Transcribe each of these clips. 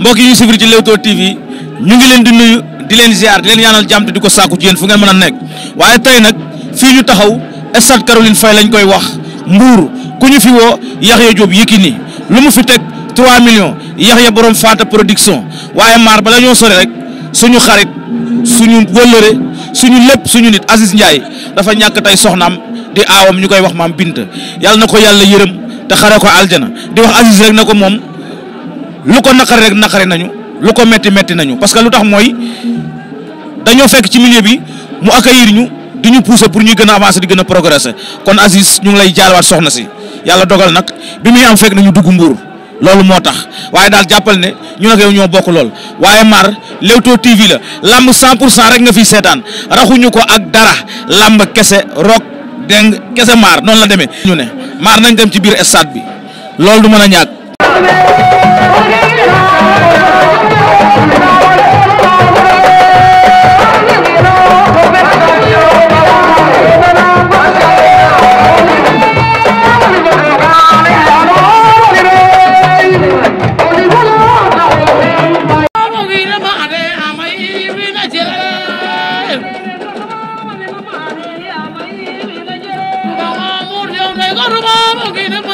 mbokk yi ñu suivre ci Leewtoo TV ñu ngi leen di nuyu di leen ziar di leen yaanal jàmm di ko sàkku ci yéen fu ngeen mën a nekk waaye tey nag fii ñu taxaw stade Caroline Faye lañ koy wax mbuur ku ñu fi woo Yaxya Jóob nii lu mu fi teg 3 millions Yaxya borom Faata production waaye maar bala ñoo sore rek suñu xarit suñu wëllëre suñu lépp suñu nit Aziz Ndiaye dafa ñàkk tey soxnaam di aawam ñu koy wax maam Binta yàlla na ko yàlla yërëm te xare ko aljana di wax na ko lu ko naqari rek naqari nañu lu ko metti metti nañu parce que lu tax mooy dañoo fekk ci milieu bi mu accueillir ñu di ñu pousser pour ñuy gën a avancer di gën a progresser kon Aziz ñu ngi lay jaalewaat soxna si yàlla dogal nag bi muy am fekk nañu dugg mbuur loolu moo tax waaye daal jàppal ne ñu ak yow ñoo bokk lool waaye Mar Leewtoo TV la lamb 100 pour cent rek nga fi seetaan raxuñu ko ak dara làmb kese rock deng kese Mar noonu la demee. ñu ne Mar nañ dem ci biir stade bi loolu du mën a ñàkk.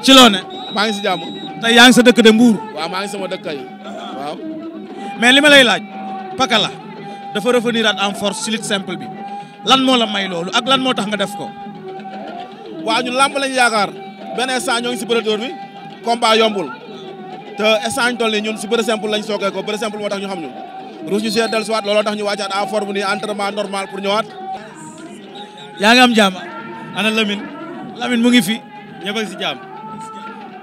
ci loo maa ngi si jàmm. tey yaa ngi sa dëkk de Mbour. waaw maa ngi sama dëkk yi li ma lay laaj. Pakala dafa revenir en force ci lutte bi lan moo la may loolu ak lan moo tax nga def ko. waa ñun làmb lañ yaakaar benn instant ñoo ngi si bëreetóor bi yombul te instant ñu toll nii ñun si bëre simple lañ sookee ko bëre simple moo tax ñu xam ñun. ruus ñu see dellusiwaat looloo tax ñu wàccaat en forme nii entraînement normal pour ñëwaat. ngi am jàmm ana Lamine Lamine mu ngi fi ñëpp a si jàmm.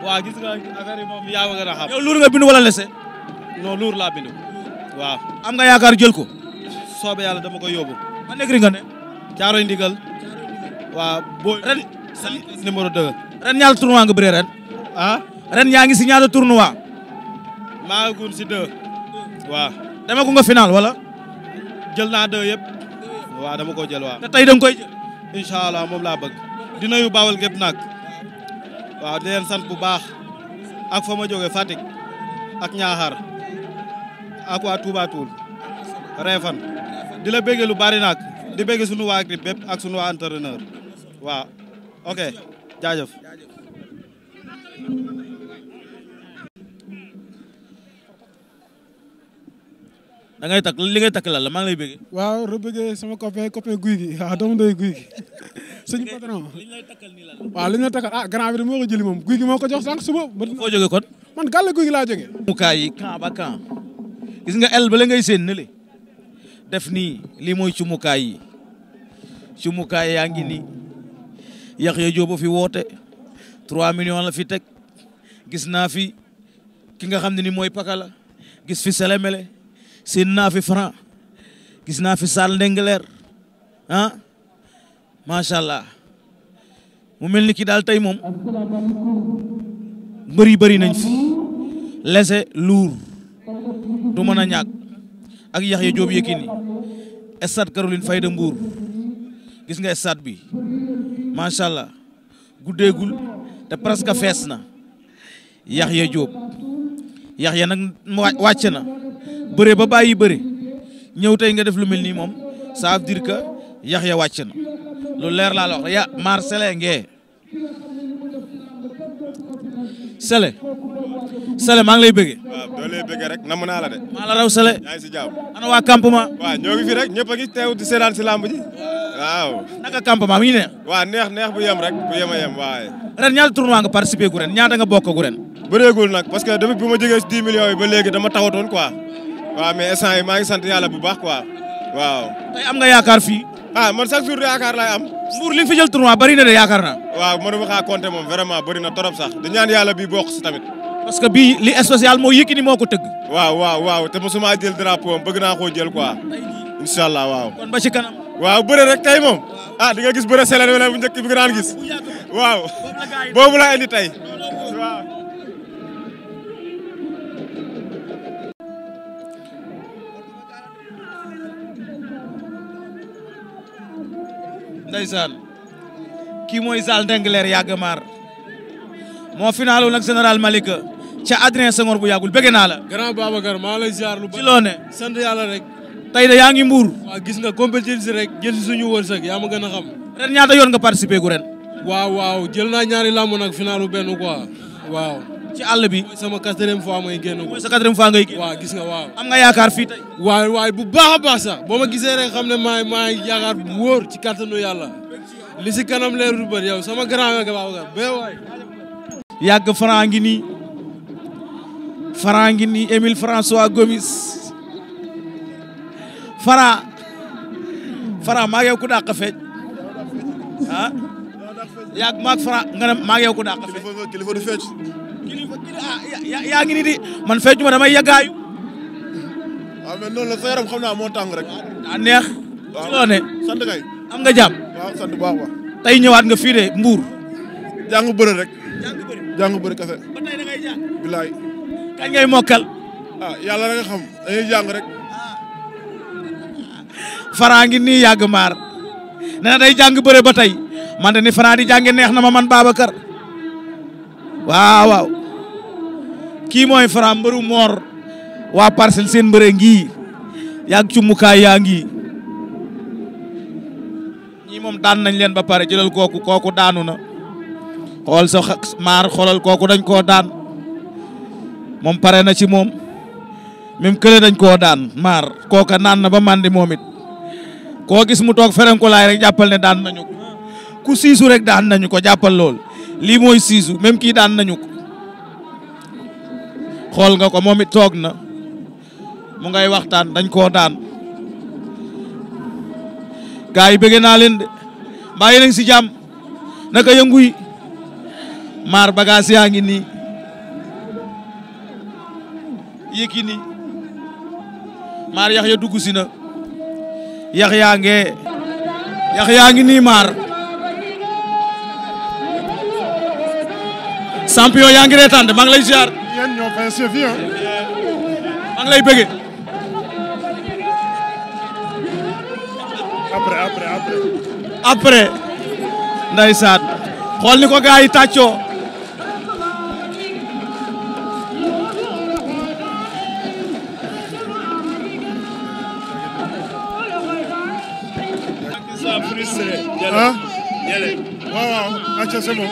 waaw gis nga affaire yi moom yaa ngi ko xam. yow luur nga bind wala lese. non luur laa bind. waaw am nga yaakaar jël ko. soobe yàlla dama ko yóbbu. man nekk nga ne. caaro ndigal. numéro 2. ren ñaata tournoi nga bëree ren. Ah? ren yaa ngi si ñaata tournoi. maa ngi si 2. waaw. dama ko nga final wala. jël naa 2 yëpp. waaw dama koo jël waaw. te tey da nga koy jël. allah moom laa bëgg. di yu Bawol gépp nag. waaw di sant bu baax. ak fa ma joge Fatick. ak Ñaaxar. ak waa Touba Toul. Réfane. di la bëggee lu bari nag. di bëggee sunu waa grip bépp ak sunu waa ok jaajëf. da ngay takk li ngay takk la la maa ngi lay bëgg. waaw rebëggee sama copain copain guy gi waaw ah, doomu doy guy gi suñu patron. waaw li ñu la takkal ah grand bi de moo ko jëli moom guy gi moo ko jox sànq suba. foo jógee kon. man gàll guy gi laa jógee. mu kaay yi camp ba camp gis nga el ba la ngay seen nële def nii lii mooy cumukaay yi cumukaay yaa ngi nii. Yaxya Jóob fi woote trois millions la fi teg gis naa fi ki nga xam ne ni mooy pakala gis fi selemele seen naa fi franc gis naa fi sal ndengeleer ah macha allah mu mel ni ki daal tey moom mbëri bari nañ fi lese luur du mën a ñàkk ak Yaxya Jóob Yékini stade Caroline Faye de Mbour gis nga stade bi macha allah guddeegul te presque fees na Yaxya Jóob Yaxya nag wàcc na bëre ba bàyyi bëre ñëw tey nga def lu mel nii moom ça veut yax que Yaxya lu leer la wax ya maar sele ngee sele sele maa ngi lay bëggee. waaw doo lay bëggee rek namu naa maa la raw sele. ana waa campement. waaw ñoo fi rek ñëpp a ngi teew di seetaan si làmb ji. waaw naka campement neex neex bu yem rek bu yem a yem waaye. ren ñaata tournoi nga participé gu ren ñaata nga bokk gu ren. bëreegul nag parce que depuis bu ma jógee si 10 millions yi ba léegi dama tawatoon quoi waaw mais instant yi maa ngi sant yàlla bu baax quoi waaw. tey am nga yaakaar fii. ah man chaque jour yaakaar laay am. Mbour li fi jël tournoi bari na de yaakaar naa. waaw mënu ma xaa compter moom vraiment bari na trop sax di ñaan yàlla bii bok si tamit. parce que bi li spécial moo Yékini moo ko tëgg. waaw waaw waaw te mosuma bëgg naa koo jël quoi. incha waaw. kon ba ci kanam. waaw bëre moom. ah di nga gis bëre seleen wala bu njëkk bi nga gis. waaw boobu la indi tey waaw. ndeysaan kii mooy Zal Ndingler yàgg maar moo finaalu nag général Malika ca Adrien Senghor bu yàggul bëgg naa la. grand Babacar maa lay ziar lu bari ci loo rek. tey de yaa ngi mbuur waaw gis nga compétition si rek jël si suñu wërsëg yaa ma gën a xam ren ñaata yoon nga participer gu ren waaw waaw jël naa ñaari làmb nag finaalu benn quoi waaw ci àll bi sama quatrième fois may génn ko sa quatrième fois ngay génn waaw gis nga waaw am nga yaakaar fii tey waay waay bu baax a baax sax boo ma gisee rek xam ne maa maa yaakaar bu wóor ci kàttanu yàlla li si kanam leerul bëri yow sama grand ga baax nga bee waay yàgg Franc ngi nii Franc ngi nii Émile François Gomis Fara Fara maa ngi yow ku dàq feej ah maag Fara nga ne maa ngi yow ku dàq feej. kilifa du feej. Ah, yaa ngi ni di man feej ma damay yàggaayu. waaw ah, mais noonu la naa moo tàng rek. daa ah, neex. ci sant kay. am nga jàmm. waaw ñëwaat nga fii de Mbour. jàng bëre rek. jàng bëre jàng bëre kañ ngay mokkal. ah yàlla na xam dañuy jàng rek. Franc ngi ni yàgg maar nee na day jàng bëre ba tey man de ni Franc di jànge neex na ma man Babacar waaw waaw kii mooy Franc mbëru moor waa parcelle seen mbëre ngii yàgg cumukaay yaa ngi ñii moom daan nañ leen ba pare jëlal kooku kooku daanu na xool sa maar xoolal kooku dañ koo daan moom pare na ci moom même kële dañ koo daan maar kooka naan na ba mandi moom koo gis mu toog ferenkulaay rek jàppal ne daan nañu ko ku siisu rek daan nañu ko jàppal lool lii mooy siisu même kii daan nañu ko xool nga ko moom it toog na mu ngay waxtaan dañ koo daan gars yi naa leen de mbaa yéen si jàmm naka yëngu yi maar bagage yaa ngi nii Yékini maar yax ya dugg si na yax yaa nge yax yaa ngi nii maar yaa ngi reetaan de maa ngi lay ziar yéen ñoo fay chef yi ah. maa ngi ah waaw waaw acca c'est bon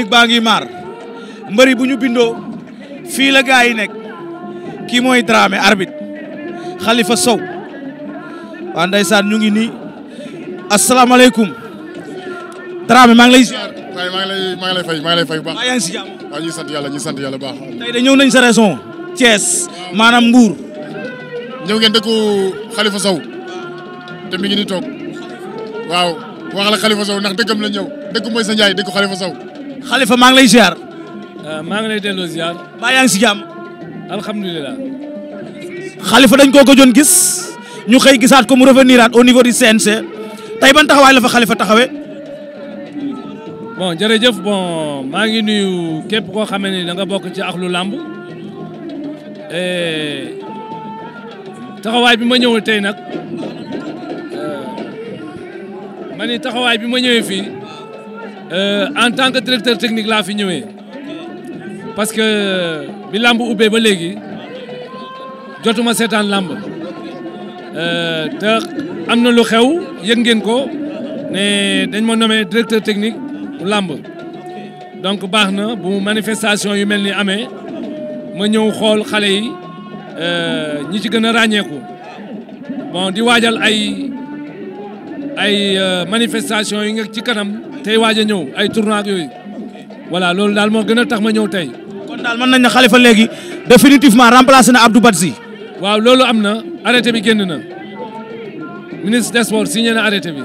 technique baa ngi maar mbëri bu ñu bindoo fii la yi nekk kii mooy Dramé arbitre Khalifa Sow waa ndeysaan ñu ngi nii asalaamaaleykum Dramé maa ngi lay ziar. waaye maa ngi lay maa ngi lay fay maa ngi lay fay bu ngi si jàmm. sant yàlla ñu sant yàlla bu baax. tey de ñëw nañ sa raison. Thiès maanaam mbuur ñëw ngeen dëkku Khalifa Sow te mi ngi ni toog waaw wax la Khalifa Sow ndax dëkkam la ñëw dëkk mooy sa Ndiaye dëkku Khalifa Sow. xalifa maa ngi lay ziar. Euh, maa ngi lay delloo ziar. mbaa yaa ngi si jàmm. alhamdulilah. xalifa dañ koo gëjoon gis ñu xëy gisaat ko mu au niveau du CNC tey ban taxawaay la fa xalifa taxawee. bon jërëjëf bon maa ngi nuyu képp koo xamee ni da nga bokk ci axlu làmb taxawaay bi ma ñëwee tey nag euh, ma ni taxawaay bi ma ñëwee fii. Euh, en tant que directeur technique laa fi ñëwee parce que bi làmb ubbee ba léegi jotuma seetaan làmb euh, te am na lu xew yëg ngeen ko ne dañ ma nommé directeur technique bu donc baax na bu manifestation yu mel ni amee ma ñëw xool xale yi euh, ñi ci gën a ràññeeku bon di waajal ay ay manifestation yi nga ci kanam tey waaj a ñëw ay tournoi yooyu voilà loolu daal moo gën a tax ma ñëw tey. kon daal mën nañ ne fa léegi définitivement remplacé na Abdou Badji. waaw loolu am na arrêté bi génn na ministre des sports signé na arrêté bi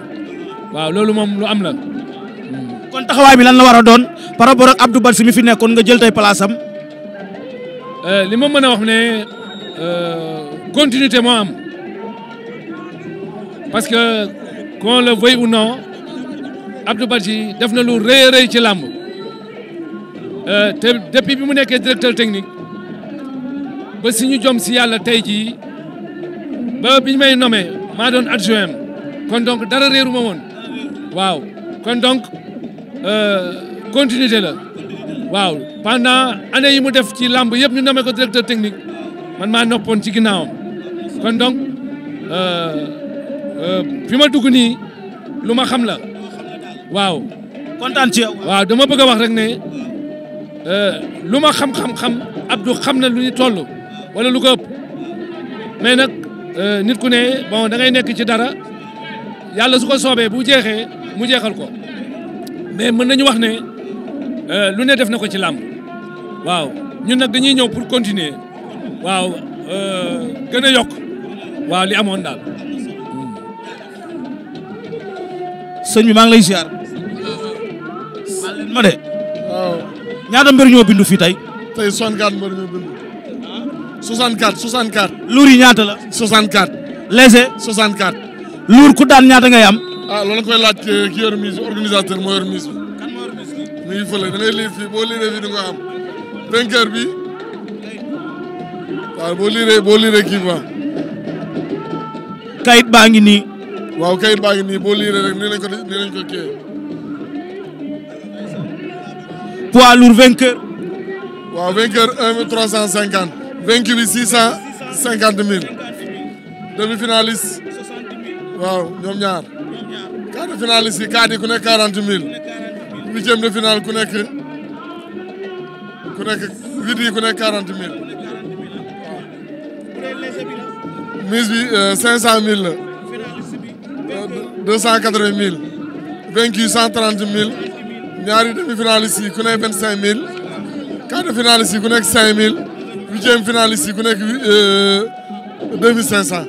waaw loolu moom lu am la. kon taxawaay bi lan la war a doon par rapport ak Abdou Badji mi fi nekkoon nga jël tey place euh, li ma mën a wax ne euh, continuité moo am parce que qu'on le veuille ou non. Abdou Badji def na lu rëy ci làmb euh, te depuis bi mu nekkee directeur technique ba si ñu jom si yàlla tey jii ba bi may nommé maa doon adjoint kon donc dara réeru ma woon waaw kon donc euh, continuité la waaw pendant année yi mu def ci làmb yëpp ñu nommé ko directeur technique man maa noppoon ci ginnaawam kon donc euh, fi ma dugg nii lu ma xam la. waaw. kontaan ci yow. waaw dama bëgg a wax rek ne euh, lu ma xam-xam-xam Abdou xam na lu ñu toll wala lu ko mais nag euh, nit ku ne bon da ngay nekk ci dara yàlla su ko soobee bu jeexee mu jeexal ko mais mën nañu wax ne euh, lu ne def na ko ci làmb waaw ñun nag dañuy ñëw pour continuer waaw gën a yokk waaw li amoon daal. sëñ bi maa ngi lay ma de. waaw. ñaata mbër ñoo bindu fii tey. tey 64 mbër ñoo bindu. 64 64. luur yi ñaata la. 64. léger. 64. luur ku daan ñaata ngay am. a ah, loolu koy laaj ki yor mise organisateur moo yor mise bi. kan moo yor mise bi. mi di nga am. vainqueur bi. waaw boo lire boo kayit baa ngi nii. waaw kayit baa ngi nii boo liiree rek nii lañ ko nii lañ kii. poids lourd waaw vainqueur un mille trois cent cinquante. vaincu bi six cent cinquante mille. demi finaliste. waaw ñoom ñaar. quart de finaliste yi quart yi ku nekk quarante mille. huitième de finale ku nekk ku nekk ku nekk quarante mille. waaw. mise euh, cinq cent mille la. deux cent quatre-vingt mille vaincu cent trente mille ñaari demi-finalistes yi ku nekk vingt cinq mille quart de finalistes ku nekk cinq mille huitième finaliste yi ku nekk euh, deux mille cinq cent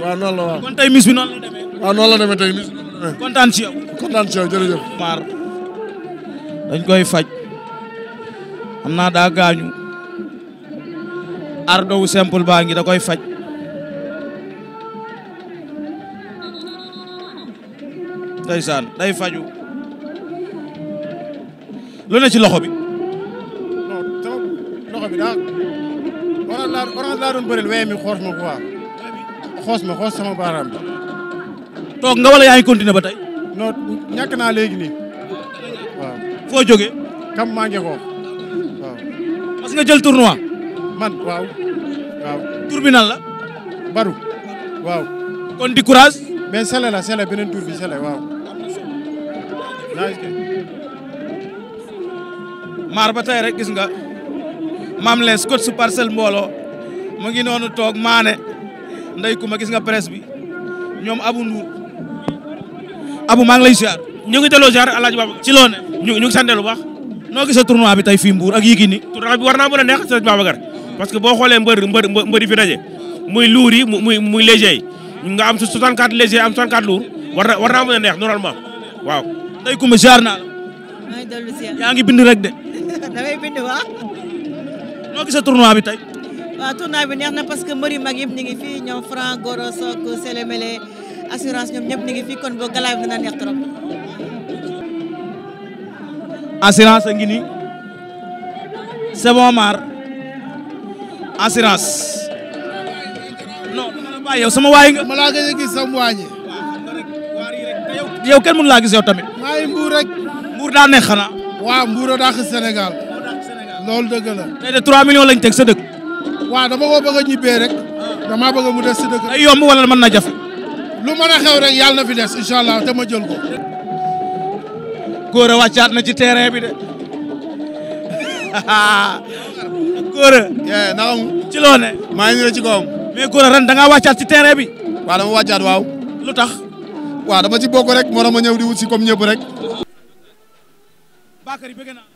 waaw noonu la waaw. kon mis bi noonu la demee. waaw noonu la demee tey mis bi noonu la demee. kontaan ci yow. kontaan ci yow jërëjëf. maar dañ koy faj xam naa daa gaañu wu simple baa ngi da koy faj. ndeysaan day faju lu ne ci loxo bi non sama laa doon bëril wee xoos ma quoi xoos ma xoos sama baaraam bi toog nga wala yaa ngi ba tey non naa léegi nii waaw foo jógee kam maa ngi waaw parce que nga jël tournoi man waaw waaw la waaw kon di courage mais sele la sele beneen tur bi sele waaw. maar ba tey rek gis nga maam les coach su parcelle mbooloo mu ngi noonu toog maane ndey kuma gis nga presse bi ñoom Abu Ndour Abu maa ngi lay ziar. ñu ngi delloo ziar El ñu ñu ngi sant lu noo gisee tournoi bi tey fii Mbour ak Yékini. tournoi bi war naa mën a neex El parce que boo xoolee mbër mbër mbër yi fi daje nga am 64 léger am 64 lourd war na war naa mën a neex normalement waaw. tey ku ma jaar naa la. maa ngi dolli ziar yaa ngi bind rek de. damay bind waaw. noo gisee tournoi bi tey. waaw tournoi bi neex na parce que mbër yu mag yëpp ñu ngi fii ñoom Franc Goro Sock Sélémélé assurance ñoom ñëpp ñu ngi fii kon boo galaay bi dina neex trop. assurance a ngi nii c'est bon Mar assurance. waaw yow sama waay nga. ma laa gëj a gis sama waa yow kenn mënu laa gis tamit. maa ngi mbuur rek. mbuur daa neex xanaa. mbuur a dàq Sénégal. loolu dëgg la. tey de 3 millions lañ teg sa dëkk. waaw dama ko bëgg a ñibbee rek. Ah. dama bëgg mu des sa dëkk. ay yomb wala mën na jafe. lu mën a xew rek yàlla na fi des te ma jël ko. Gora wàccaat na ci terrain bi de. Gora. naka mu ci loo ne. maa ngi ci kawam. mais góor a ren da ngaa wàccaat ci terrain bi. waaw dama wàccaat waaw. lu tax. waaw dama ci bokk rek moo tax ma ñëw di wut si comme ñëpp rek. Bakary bëgg naa.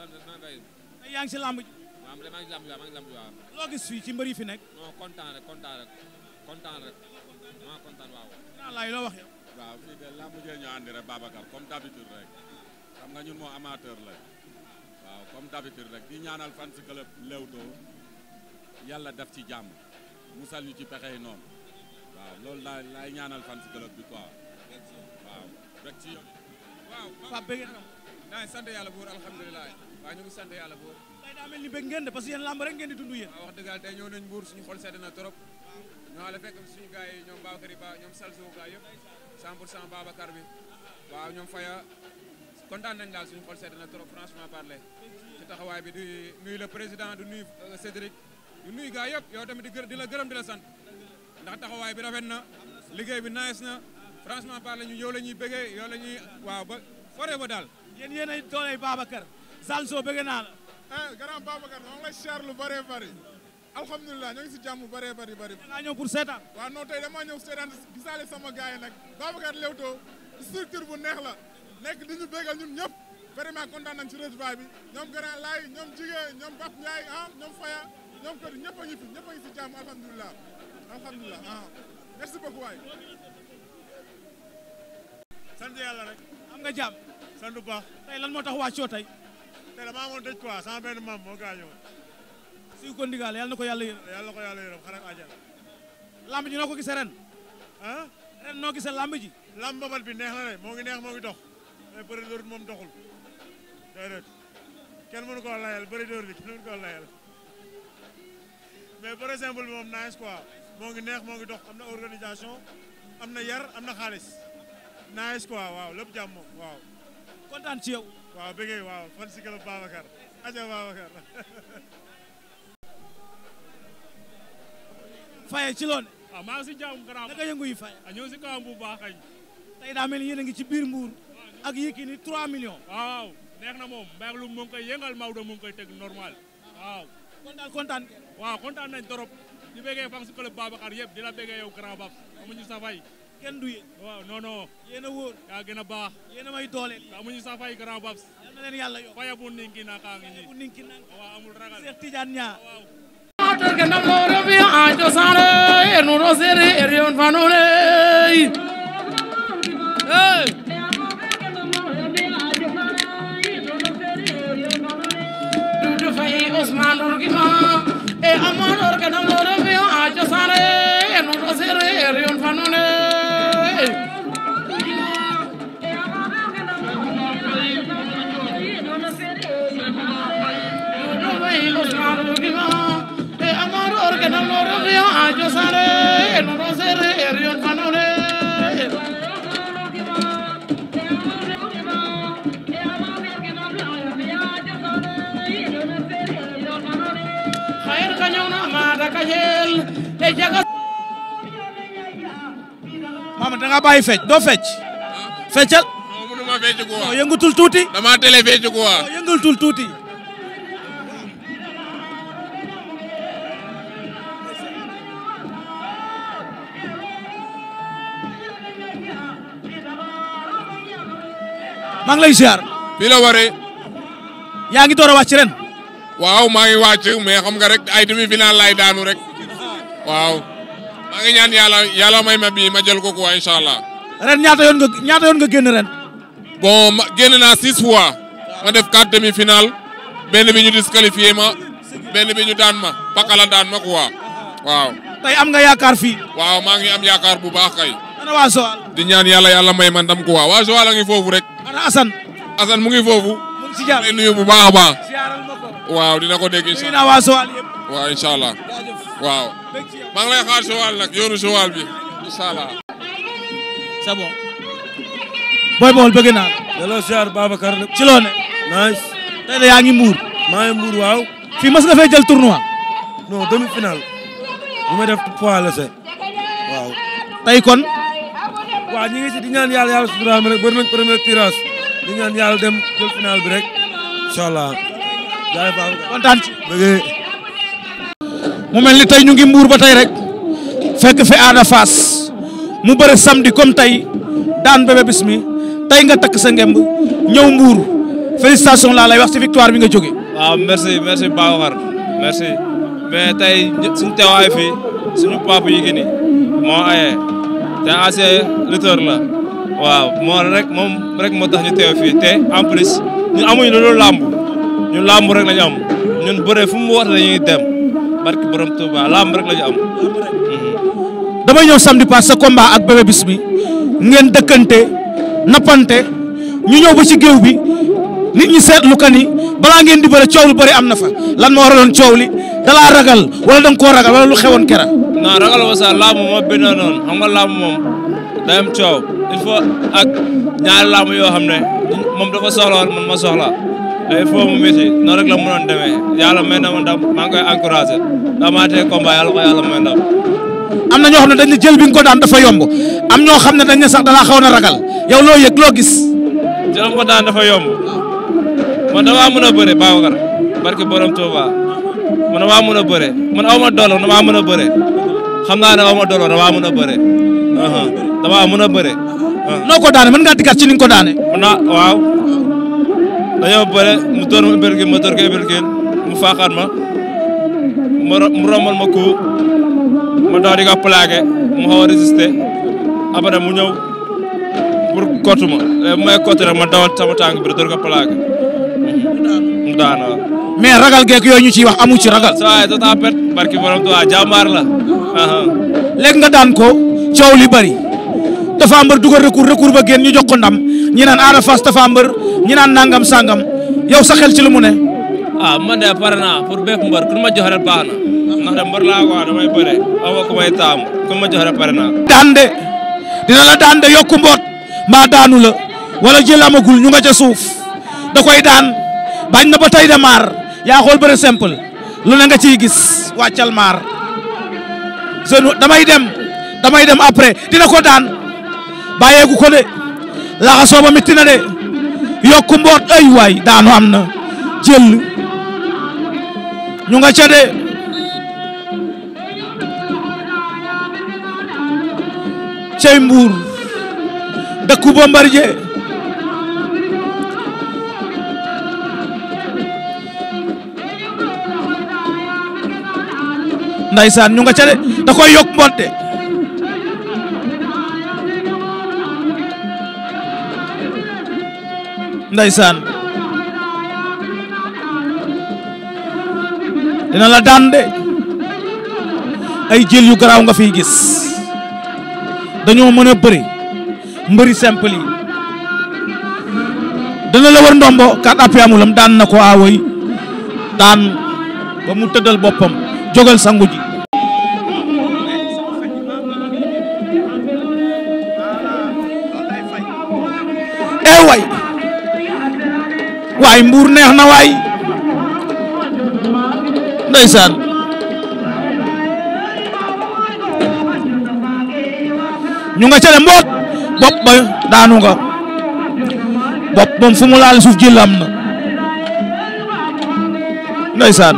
tey ngi si làmb ji. loo gis ci mbër yi fi nekk. non kontaan rek kontaan rek kontaan wax yow. waaw fii de làmb rek xam nga ñun moo amateur la waaw comme d'habitude rek di ñaanal fan si club Leewtoo yàlla def ci jàmm. musal ñu ci pexe noonu waaw loolu daal laay ñaanal fan si club bi quoi waaw rek ci yow waaw Pape bëgg nga naa sant yàlla buur alhamdulilah waaw ñu ngi sant yàlla buur tey daa mel ni bëgg ngeen de parce que rek ngeen di dund yéen wax dëgg yàlla tey ñëw nañ buur suñu xol sedd na trop ñoo la fekk suñu gars yi ñoom Bakary Ba ñoom Salso gars yëpp 100 pour baa Babacar bi waaw ñoom Faya kontaan nañ daal suñu xol sedd na trop franchement parler ci taxawaay bi du nuyu président du nuyu euh, Cédric di nuyu gaa yëpp yow tamit di la gërëm di la sant ndax taxawaay bi rafet na liggéey bi nice na franchement parlé ñu yow la ñuy bëggee yow la ñuy waaw ba foree ba daal. yéen yéen ay dooley Babacar. Salso bëgg naa la. ah grand Babacar maa ngi lay siyaar lu bëree bëri. alhamdulilah ñoo ngi si jàmm bëree bëri bëri. dangaa ñëw pour seetaan. waaw non tey damaa ñëw seetaan gisaale sama gars yi nag Babacar Leewtoo structure bu neex la nek di ñu bégal ñun ñëpp vraiment kontaan nañ ci résultat bi ñoom grand laay ñoom jigéen ñoom Bap Ndiaye ah ñoom Faya. ñoom kër ñëppa ñëpp a ngi fi ñëpp a ngi ah. waay. sant yàlla rek. am nga jàmm. sant bu baax. lan moo tax wàccoo tey. tey damaa amoon dëj quoi sama benn maam moo gaañoo. suy ndigaal yàlla na ko yàlla yërëm. yàlla na ko yàlla yërëm xanaa noo ko gisee ren. ah. ren noo gisee lamb ji. lamb babat bi neex na de moo ngi neex moo ngi dox. mais bëri dóor moom doxul. déedéet kenn mënu ko layal bëri dóor bi kenn mënu ko layal. mais par exemple moom nice quoi moo ngi neex moo ngi dox am na organisation am na yar am na xaalis nice quoi waaw lépp moom waaw. kontaan ci yow. waaw bëggee waaw fan si club Babacar aja Babacar. Faye ci loon. waaw ah, si jàmm garaam. naka yëngu yi Faye. a ah, si kawam bu baax kañ. tey daa mel a ngi ci biir Mbour. ak Yékini 3 millions. waaw neex na moom Mbaye lu mu ngi koy yëngal Maodo mu ngi teg normal waaw. kontaan kontaan waaw kontaan nañ trop di bëggee fan si club Babacar yëpp di la bëggee yow grand bab amuñu sa fay kenn du yéen waaw non non yéen a wóor yaa gën a baax yéen a may dooleel amuñu sa fay grand babs yal na leen yàlla yokk faya bu ninki na kaa ngi nii bu ninki na waaw amul ragal Cheikh Tidiane Niang waaw terke nam no refi ay to sare er nuno sere er yon fanone eh ammanor kadam ɗo rembi o ha cosare e non ɗo sere e riyon fannude e amaror kadam ɗo rembi o ha cosare e non ɗo sere e riyon fan da nga bàyyi fecc doo fecc. feccal. non mënuma fecc tuuti. dama télé fecc ku waa. yëngatul tuuti. maa lay ziar. fii la waree. yaa ngi door a wàcc ren. waaw maa ngi wàcc mais xam nga rek ay demi final lay daanu rek waaw. maa ngi ñaan yàlla yàlla may ma bii ma jël ko quoi incha allah. ren ñaata yoon nga ñaata yoon nga génn bon ma génn naa six fois. ma def quatre demi finaal benn bi ñu disqualifié ma benn bi ñu daan ma pakala daan ma quoi waaw. tey am nga yaakaar fi waaw maa ngi am yaakaar bu baax kay. ana di ñaan yàlla yàlla may man dam quoi waa Joal a ngi foofu rek. ana asan mu ngi foofu. mu ngi si jaar bu baax a baax. waaw dina ko dégg incha allah. waaw allah waaw. maa ngi lay xaar Joal bi incha allah. c'est bon. booy bool bëgg naa. delloo ziar Babacar. ci loo ne. nice. tey de ngi Mbour. maa ngi Mbour waaw. fii mas nga fay jël tournoi. non demi final. bu may def poids la see. waaw. tey kon. waaw ñu ngi ci di ñaan yàlla yàlla suturaal rek bëri nañ premier tirage di ñaan yàlla dem jël final bi rek. incha allah. jaay Babacar kontaan mu mel ni tey ñu ngi mbuur ba tey rek fekk fi Ada Fass mu bëre samedi comme tey daan Bébé Bismi tey nga takk sa ngemb ñëw mbuur félicitation laa lay wax ci victoire bi nga jóge waaw merci merci Babacar merci mais tey suñu teewaay fii suñu papa yi ni moo aye te ancien lutteur la waaw moo rek moom rek moo tax ñu teew fii te en plus ñu amuñu loolu làmb ñu làmb rek lañu am ñun bëre fu mu war la ñuy dem barki borom Touba lamb rek la ñu damay ñëw samedi pass sa combat ak Bébé ngeen dëkkante nappante ñu ñëw ba ci géew bi nit ñi seetlu ka ni ngeen di bëre coow lu bëri am na fa lan moo waraloon coow li dalaa ragal wala da nga koo ragal wala lu xewoon kera. non ragal wasa laamu moo bindoo noonu xam laamu moom day coow il faut ak ñaari laamu yoo xam ne moom dafa soxla woon man ma soxla. ay foo mu métti noonu rek la mënoon demee yàlla may na ma ndam maa ngi koy encouragé ndax tee combat yàlla may ndam. am na ñoo xam ne dañ ne jël ko daan dafa yomb am ñoo xam ne dañ ne sax xaw na ragal yow loo yëg loo gis. jëlam ko daan dafa yomb man damaa mën a bëre Babacar barke borom Touba man damaa mën a bëre man aw ma doole damaa mën a bëre xam naa ne aw ma doole mën a bëre damaa mën a bëre. noo ko daane mën ngaa dikkaat ci ni daane. waaw. dañoo bëre mu door ma uppercut ma door ko uppercut mu faaxaat ma mu rombal ma ko ma daal di ko mu xaw a résisté après mu ñëw pour kottu ma eh, bu may kottu rek ma dawal sama tànk bi door ko mu daan mais ragal geek yooyu ñu ciy wax amu ci ragal. saa waay Tata Pet barki borom tu waa jàmbaar la. Uh-huh. léegi nga daan ko coow li bari dafa mbër dugal recours ba génn ñu jox ko ñi naan Ada Fass dafa ñi naan nangam sangam yow sa xel ci lu ne. ah man de pare naa pour bépp mbër ku ma jox rek baax na. ndax de mbër laa ko wax damay bëre aw ma ku may taamu ku ma jox rek pare naa. daan de dina la daan de yokku mboot mbaa daanu la wala jël amagul ñu nga ca suuf da koy daan bañ na ba tey de maar yaa xool bëre simple lu ne nga ciy gis wàccal maar jeune damay dem damay dem après dina ko daan bàyyeegu ko de laxasoo ba mitti na de. yokku mboot ay waay daanu am na jël ñu nga ca de cey mbuur dëkku Bombardier ndaysaan ñu nga ca de da yokk mboot de ndeysaan dina la daan de ay jël yu garaaw nga fi gis dañoo mën a bëri mbëri simple yi dana la war ndombo kat appi amulam daan na ko aawoy ah daan ba mu tëddal boppam jógal sangu waay mbuur neex na waay ndeysaan ñu nga cale mboot bopp ba daanu nga bopp moom fu laal suuf jël am na ndeysaan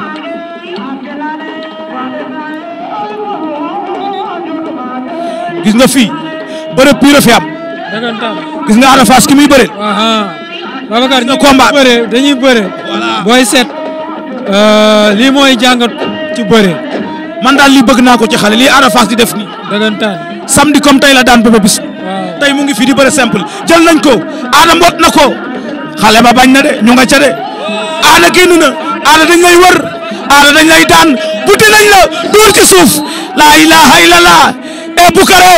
gis nga fii bëre pire fi am gis nga Ada ki muy bëre Babacar ñu combat dañuy bëre booy seet euh, lii mooy jàngat ci bëre man daal lii bëgg naa ko ci xale lii Ada Fass di def nii dëggantaan samedi comme tey la daan Bébé Bismi tey mu ngi fii di bëre simple jël nañ ko Ada mboot na ko xale ba bañ na de ñu nga ca de Ada génn na Ada dañ lay wër Ada dañ lay daan buti nañ la dóor ci suuf laa ilaha illallah e eh, Bukare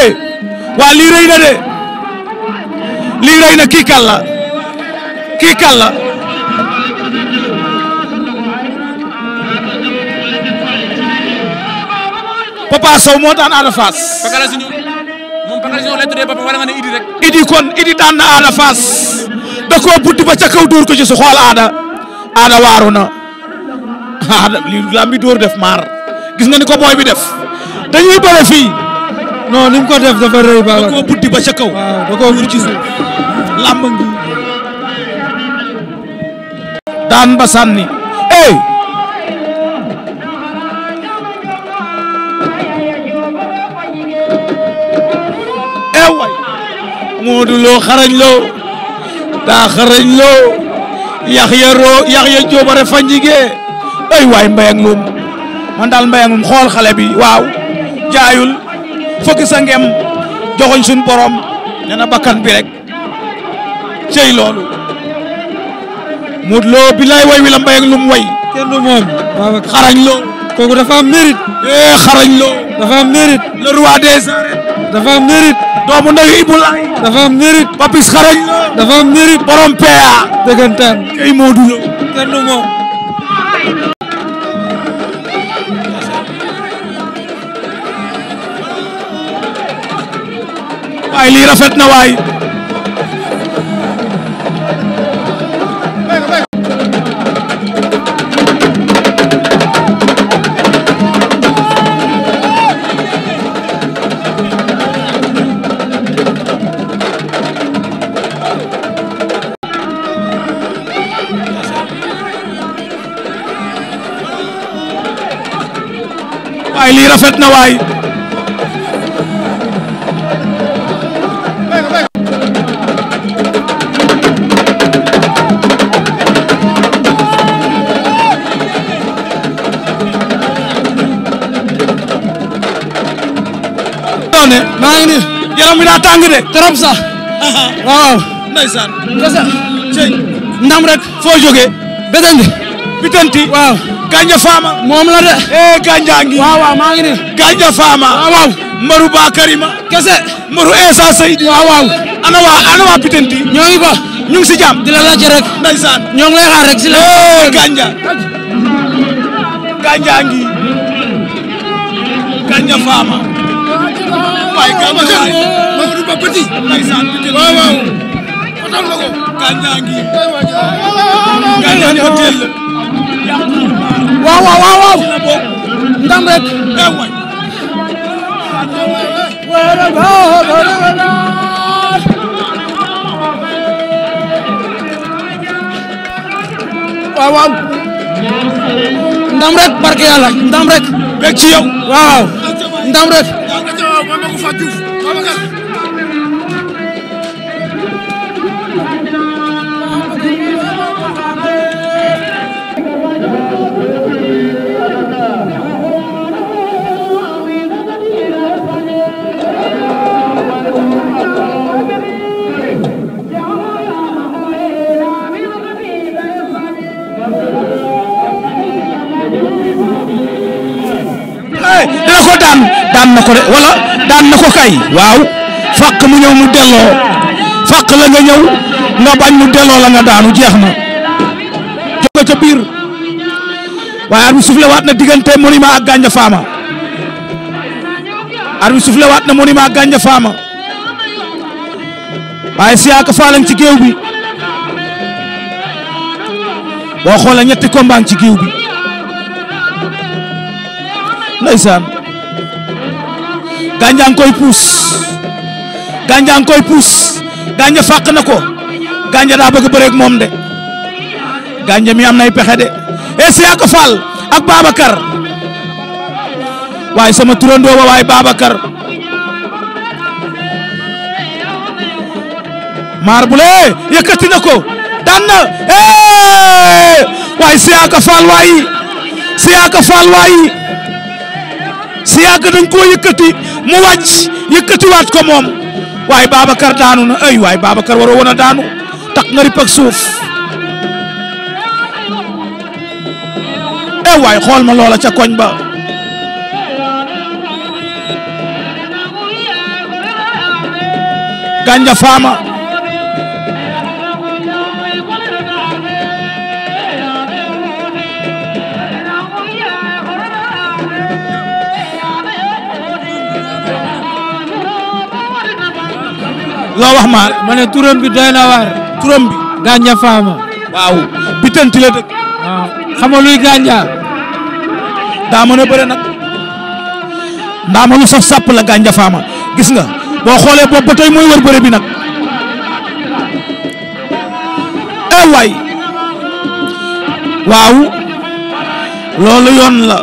waa lii rëy na de lii rëy na kii kàlla kii kan la Papa moo daan Ada Fass. Pakala si ñun moom Pakala si Papa wala nga ne Idi rek. Idi kon Idi daan na Ada Fass da koo buddi ba ca kaw dóor ko ci su xool Ada Ada waaru na Ada bi dóor def maar gis nga ni ko booy bi def dañuy bëre fii. non ni mu def dafa rëy ba. da koo buddi ba ca kaw. waaw ci suuf làmb ngi daan ba sànni eh eh way Modou Lo xarañ loo daa xarañ loo Yaxya Ro Yaxya Jóob a refa njigee ay waay mbay ak moom man daal mbay ak xool xale bi waaw jaayul fokki sa ngem joxoñ suñ borom nee na bakkan bi rek loolu Modou Lo billaay way wi la way. kenn du moom. xarañ loo. kooku dafa am mérite. eh xarañ loo. dafa am mérite. le roi des dafa am mérite. doomu ndeyu Ibou dafa am mérite. Papis xarañ loo. dafa am mérite. borom PA. dëggantaan. kay Modou Lo. kenn du moom. waay lii rafet na waay. waay lii rafet na waay maa ngi nii yaram bi daa tàng de trop sax waaw ndeysaan ndam rek foo jógee betandi bitanti waaw Ganja Fama. moom la de. eh Ganja ngi. waaw waaw maa ngi nii. Ganja Fama. waaw waaw. Maru Ba Karima. ana waa ana waa Pitenti. ñoo ngi fa. ñu si jàmm. di la laajte rek. ndeysaan. ñoo ngi lay rek si la. Eh, ganja. Ganja ngi. Ganja Fama. waaye Ganja waay. Mamadou Ba Petit. ndeysaan. waaw waaw. Ganja Ganja hôtel waaw waaw waaw waaw ndam rek waaw waaw ndam rek barke yàlla ndam rek. bég ci yow daan na ko de wala daan na ko kay waaw fàq mu ñëw mu delloo fàq la nga ñëw nga bañ mu delloo la nga daanu jeex na jóge ca biir waaye arbitre soufflé waat na diggante monument ak Gandia Fama arbitre soufflé waat na monument ak Gandia Fama waaye Siaka Falang ci géew bi boo xoolee ñetti combat ci géew bi ndeysaan gàncax nga koy puus gàncax koy puus gàncax fàq na ko gàncax daa bëgg bëreeg moom de gàncax mi am nay pexe de et eh, si ko ak Babacar waaye sama turandoo ba waaye Babacar maar bu lee yëkkati na ko daan na eh, waaye si ko Fall waaye si ko si yàgg dañ koo yëkkati mu wàcc yëkkatiwaat ko moom waaye Babacar daanu na ay waay Babacar waroo wona a daanu tak nga rip ak suuf waay xool ma loola ca koñ ba ganja faama loo wax ma ma ne turam bi doy na waar. turam bi gànja faama. waaw dëkk. waaw xam luy gànja. daa mën a bëre nag. ndaa ma lu saf sàpp la gànja faama gis nga boo xoolee boobu ba tey mooy wër bëre bi nag. eh waay. waaw. loolu yoon la.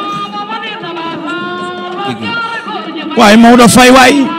waay Maodo Faye waay.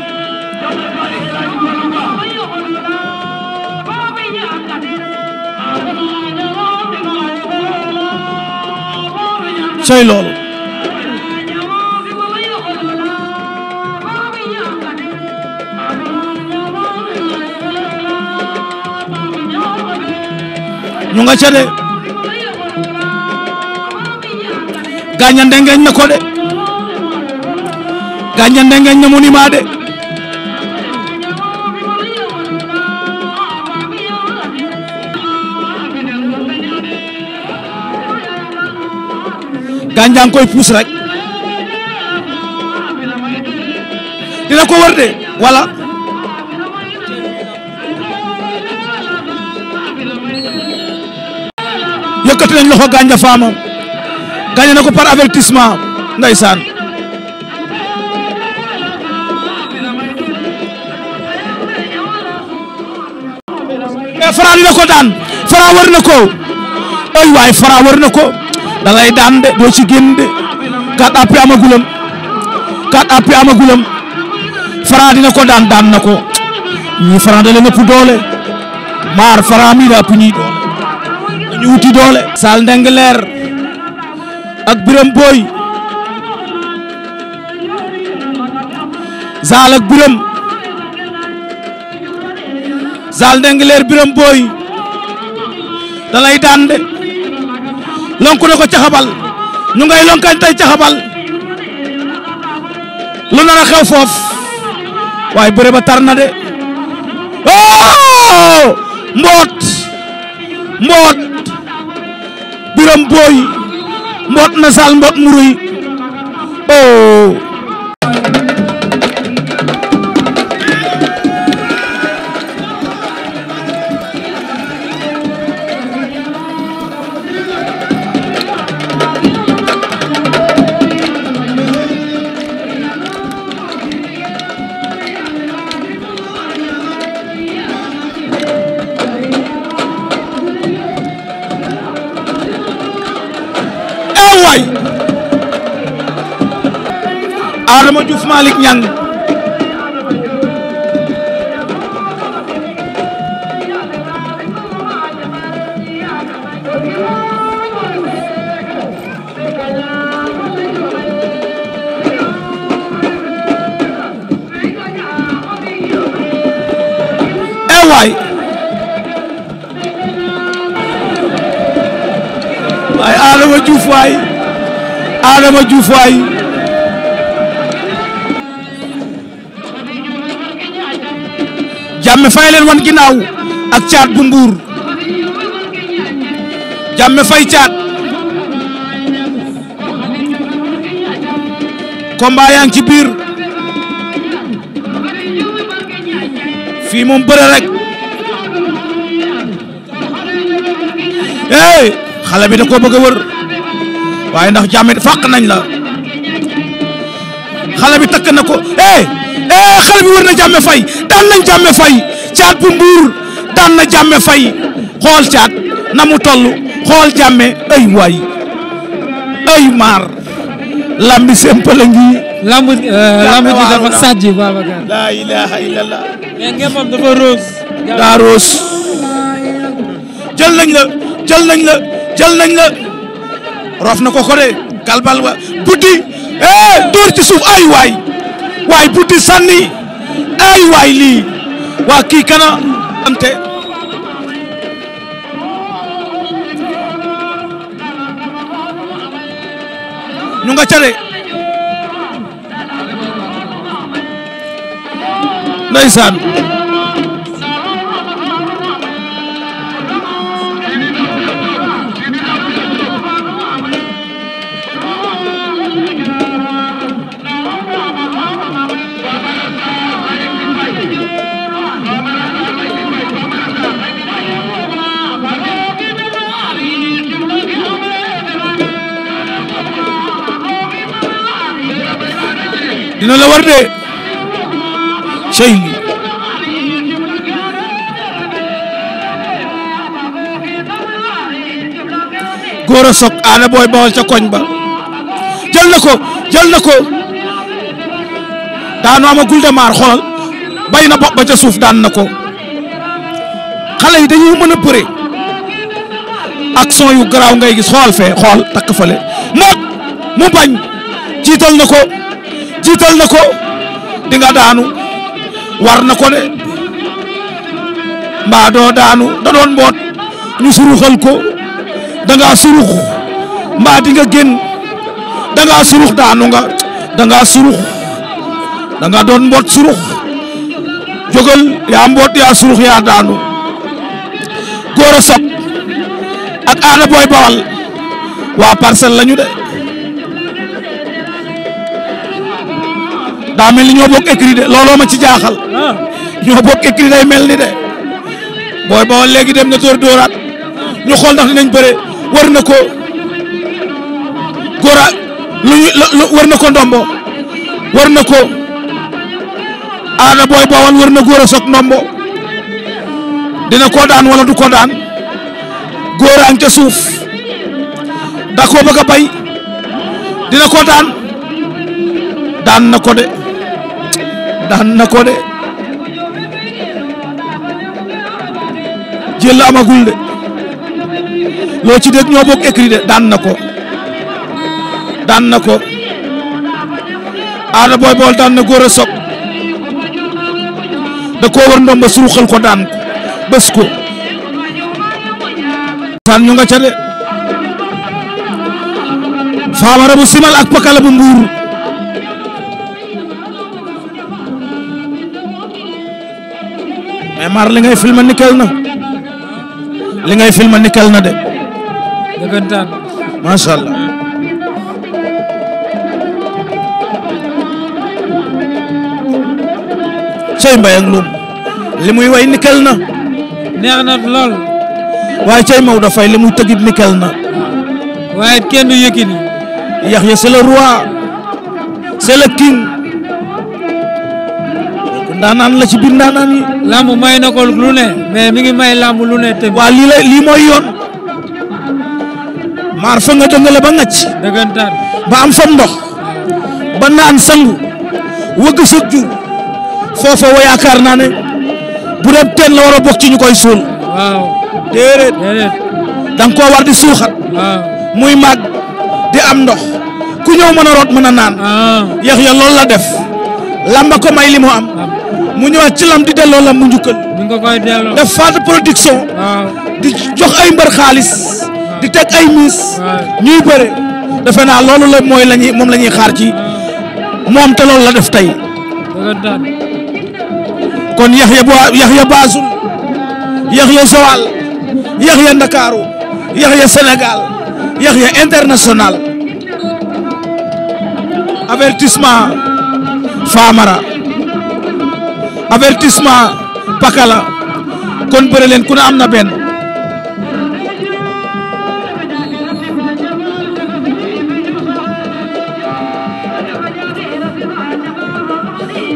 sooy loolu ñu nga ca de gaaña ndengeñ na ko de gàncax koy puus rek dina ko war de wala yëkkati nañ loxo gàncax faama gàncax na ko par avertissement ndeysaan Fara dina ko daan Fara war na ko ay waay Fara na ko. da lay daan de doo ci génn de kat appi amagulam kat appi amagulam Franc dina ko daan daan na ko ñii Franc da leen ëpp doole maar Franc mi da ëpp ñii doole dañu doole Sal Ndeng leer ak Biram Boy Sal ak Biram Sal Ndeng leer Biram Boy da lay daan de lonku na ko caxabal ñu ngay lonkaan tey caxabal lu nar a foof waaye bëre ba tar na de oh mboot mboot biram booy mboot na mboot muruy oh Malick Niang eh, waay waay Adama Diouf waay Adama Diouf waay jàmme fay leen wan ginnaaw ak caat bu mbuur fay caat combat yaa ci biir fii moom bëre rek hey xale bi da koo bëgg a wër waaye ndax jàmme fàq nañ la bi takk na ko hey hey xale na jàmme fay daan nañ jàmme fay caat bu mbuur daan na jàmme fay xool caat na mu toll xool jàmme ay waay ay maar lambi sempale ngi lamb euh, lamb dafa sàjji daa roos jël nañ la jël nañ la rof na ko ko de kalbal wa eh, ci suuf ay waay waay buddi sànni ay waay lii waa kii kana ante ñu nga cale dina la war de sey góor a sok aada booy bawal ca koñ ba jël na ko jël na ko daanu amagul de maar xoolal bay na bopp ba ca suuf daan na ko xale yi dañuy mën a bëre action yu garaaw ngay gis xool fee xool takk fale moot mu bañ jiital na ko jiital na ko dinga nga daanu war na ko de mbaa doo daanu da doon mboot ñu suruxal ko danga ngaa surux mbaa di nga génn da surux daanu nga da surux da doon mboot surux jógal yaa mboot yaa surux yaa daanu góor sab ak aada booy bawal waa parcelle lañu de. daa mel ni ñoo bokk écrit de looloo ma ci jaaxal ñoo bokk écrit day mel ni de booy boo léegi dem na door dooraat ñu xool ndax dinañ bëre war na ko góora lu war na ko ndombo war na ko aada booy boowan war na góora sok ndombo dina ko daan wala du ko daan góora ang ca suuf da koo bëgg a dina ko daan daan na ko de daan na ko de jël amagul de loo ci dégg ñoo bokk de daan na ko daan na ko aada booy bool daan na góor a soog da koo war ba suruxal ko daan ko bës ko saan ñu nga ca de faamara bu simal ak pakala bu mbuur Mar li ngay filmé nickel na li ngay filmé nickel na de. dëggantaan. macha allah. cey mbay ak Loum li muy way nickel na. neex na lool. waaye cey Maodo Faye li muy tëgit nickel na. waaye kenn du Yaxya c'est le roi king. ndaanaan la ci biir ndaanaan yi. làmb may na ko lu ne mais mi ngi may lamb lu ne tamit. waa lii la lii mooy yoon. maar fa nga dëngale ba a dëggantaan ba am fa ndox. ba naan sangu. wëgg sa jur. foofa wa yaakaar naa ne. bu dem teen la war a bokk ci ñu koy suul. waaw déedéet. déedéet war di suuxat. waaw muy màgg di am ndox. ku ñëw mën a root mën a naan. Ah. yax ya la def. lamba ko may li mu am. mu ñëwaat ci lam di delloo lam mu njukkal. ñu nga koy delloo def Fata di jox ay mbër xaalis. di teg ay miis. ñuy bëre. defe naa loolu la mooy la moom la ñuy xaar ci moom te loolu la def tey. kon Yaxya bu Yaxya Baasul. Yaxya Joal. Yaxya Ndakaaru. Yaxya Sénégal. Yaxya international. avertissement Famara. avertissement paka la kon bëre leen ku ne am na benn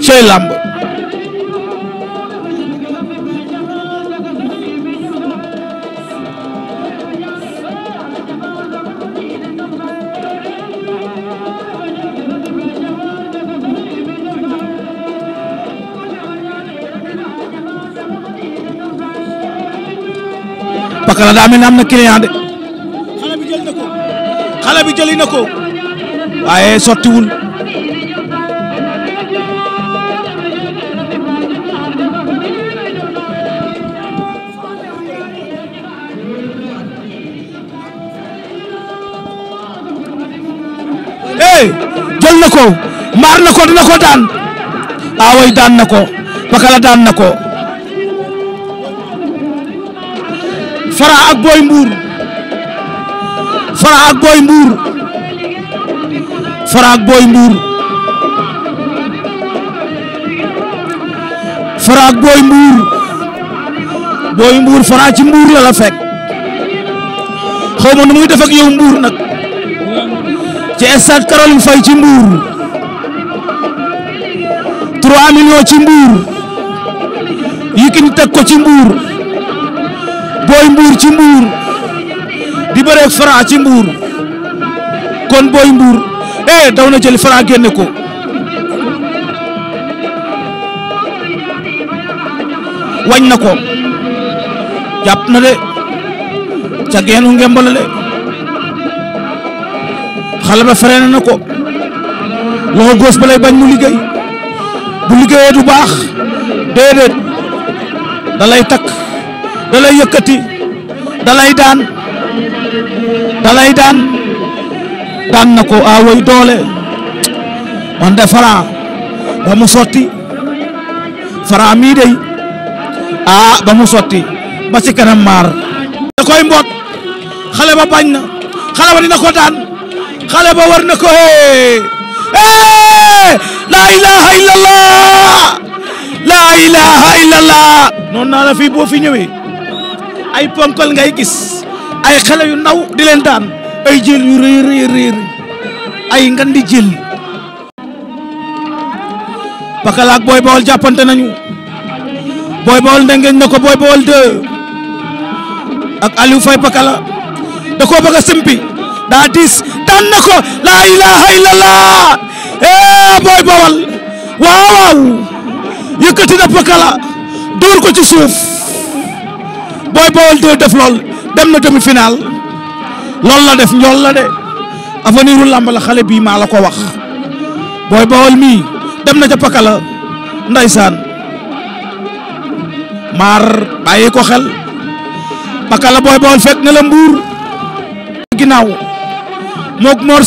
cey Pakala daa na bi jëli na ko. xale na ko. waaye na ko maar na ko daan. na ko Pakala daan na ko. Fara ak Boy Mbour Fara ak Boy Mbour Fara ak Boy Mbour Fara ak Boy Mbour Boy Mbour Fara ci Mbour la la fekk xaw ma nu muy def yow Mbour nag ci stade Caroline Faye ci Mbour 3 millions ci Mbour Yékini teg ko ci mbuur booy mbuur ci mbuur di bëreeg Franc ci mbuur kon booy mbuur eh daw na jël Franc génne ko wañ na ko jàpp na de ca geenu ngembala de xale ba freiné na ko loxo góos bañ mu liggéey bu liggéeyee du baax déedéet da takk. da lay yëkkati daan da daan daan na ko a way doole on de Franc ba mu sotti Franc mii dey a ah, ba mu sotti ba ci kanam maar da koy mboot ba bañ na xale ba dina daan xale ba war na ko hee laa ilaaha illallah laa ilaaha illallah noon naa la fii boo fi ñëwee ay ponkol ngay gis ay xale yu ndaw di leen daan ay jël yu rëy ay ngan di jël Pakala ak Boy Baol jàppante nañu Boy Baol ndengeñ na Boy Baol 2 ak Aliou Faye Pakala da koo bëgg simpi daa diis daan na ko laa ilaaha ee eh, Boy Baol waaw waaw Pakala dóor ko ci suuf booy bawol de def lool dem na demi finaal loolu la def njool la de avenir làmb la xale bii maa la ko wax booy bawol mii dem na ca pakala ndaysaan maar bàyyi ko xel pakala booy bawol fekk na la mbuur ginnaaw mook Mor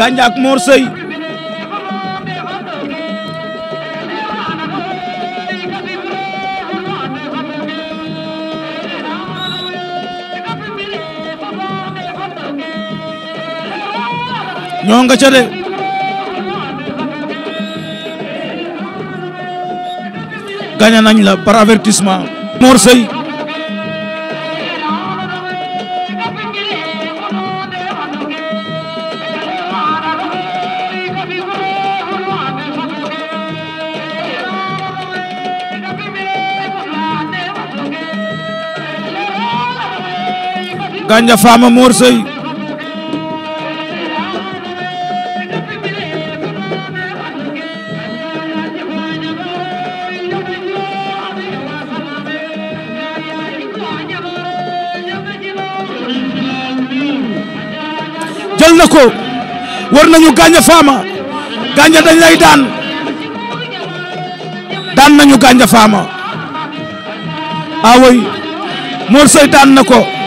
Gandia ak Mor ñoo nga ca de gagné nañ la par avertissement Mor Seye Gandia jël na ko war nañu Gandia Fama Gandia dañ lay daan daan nañu Gandia Fama awoy Mor daan na ko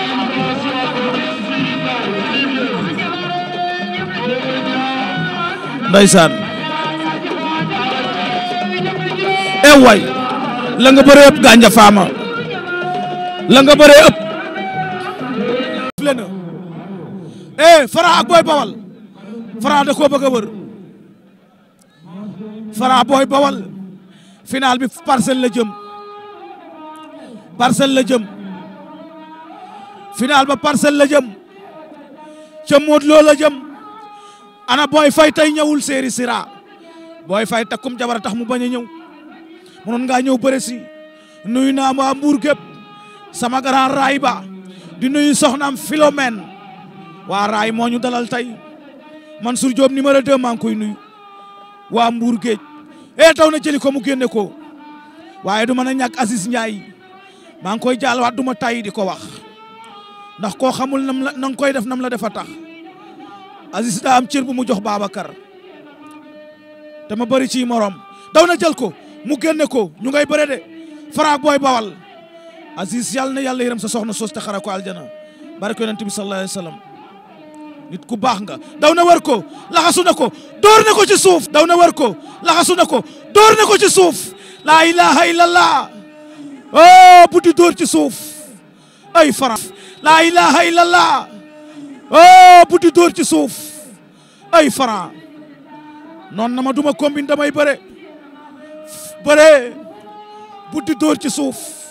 ndeysaan eh waay la nga bëree ëpp gànja faama la nga bëree ëpp. eh Fara ak Bawal Fara da koo Fara Boy Bawal final bi parcelle la jëm parcelle la jëm final ba parcelle la jëm ca Modou la jëm. ana booy fay tey ñëwul séeri sira booy fay takkum jabar tax mu bañ a ñëw munoon ngaa ñëw bëre si nuyu naa waa mbuur gépp sama grand raay ba di nuyu soxnaam Philomène waa raay moo ñu dalal tey Mansour Diop numéro 2 maa ngi koy nuyu waa mbuur géej e taw na jëli ko mu génne ko waaye du mën a ñàkk Aziz Ndiaye maa ngi koy jaal waat du ma tàyyi di ko wax ndax koo xamul nam la na koy def nam la defa tax Aziz daa am cër bu mu jox Babacar te ma bëri ci morom daw na jël ko mu génne ko ñu ngay bëre de Franc Bawal Aziz yàlla na yàlla yërëm sa soxna soos ta xara ko aljana barke yonent bi sallallahu alayhi wa nit ku baax nga daw na wër ko laxasu ne ko door na ko ci suuf daw na wër ko laxasu ne ko door na ko ci suuf laa ilaha illallah oh buddi door ci suuf ay Franc laa ilaha illallah oh bu di dóor ci suuf ay Franc noonu na ma duma combine damay bëre bëre bu dóor ci suuf